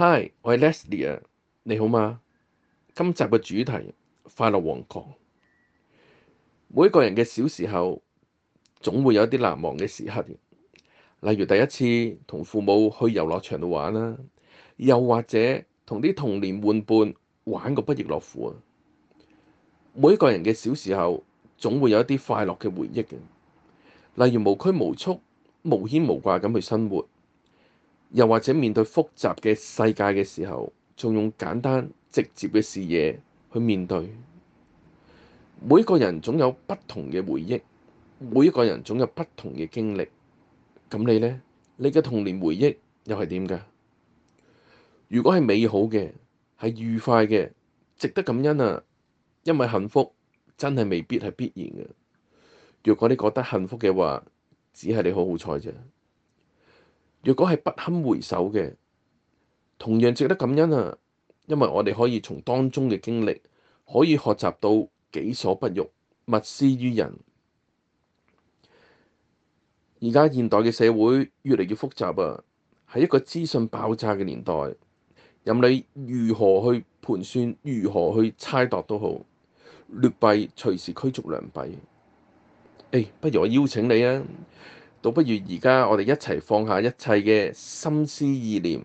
Hi，我係 Leslie 啊，你好嗎？今集嘅主題快樂王國。每一個人嘅小時候總會有啲難忘嘅時刻，例如第一次同父母去遊樂場度玩啦，又或者同啲童年玩伴玩伴玩個不亦樂乎啊！每一個人嘅小時候總會有一啲快樂嘅回憶嘅，例如無拘無束、無牽無掛咁去生活。又或者面對複雜嘅世界嘅時候，仲用簡單直接嘅視野去面對。每一個人總有不同嘅回憶，每一個人總有不同嘅經歷。咁你呢？你嘅童年回憶又係點㗎？如果係美好嘅，係愉快嘅，值得感恩啊！因為幸福真係未必係必然嘅。若果你覺得幸福嘅話，只係你好好彩啫。如果係不堪回首嘅，同樣值得感恩啊！因為我哋可以從當中嘅經歷，可以學習到己所不欲，勿施於人。而家現代嘅社會越嚟越複雜啊，喺一個資訊爆炸嘅年代。任你如何去盤算，如何去猜度都好，劣幣隨時驅逐良幣。欸，不如我邀請你啊！倒不如而家我哋一齊放下一切嘅心思意念，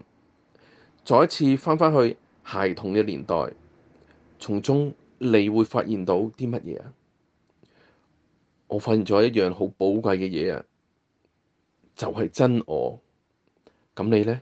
再一次返返去孩童嘅年代，從中你會發現到啲乜嘢啊？我發現咗一樣好寶貴嘅嘢啊，就係真我。咁你咧？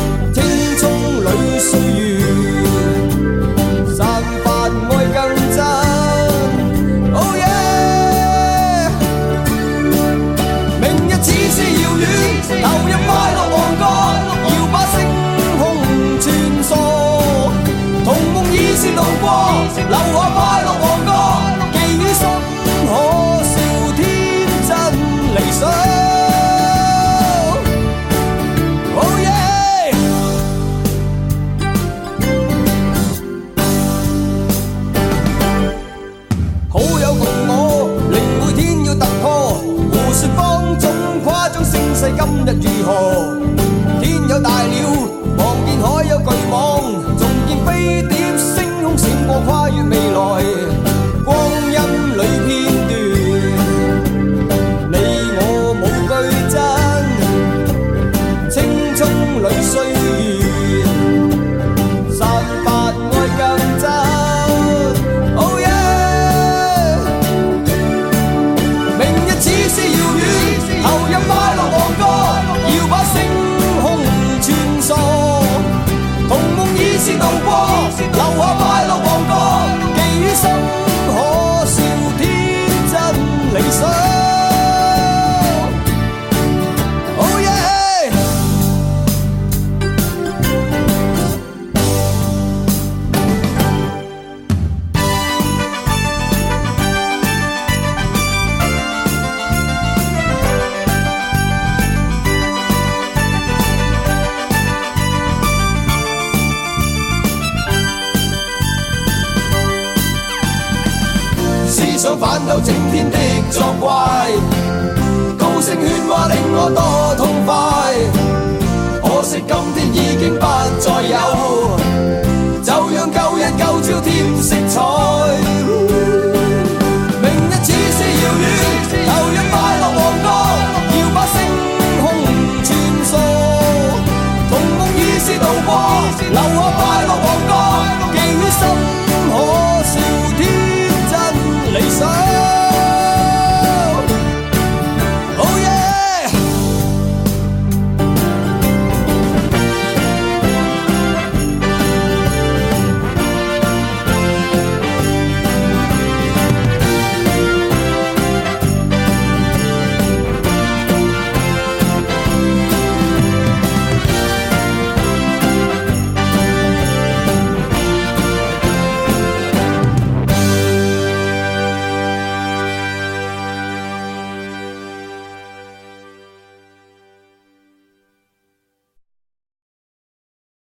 今日如何？天有大鳥，望見海有巨。是路過。想反斗整天的作怪，高聲喧嘩令我多痛快。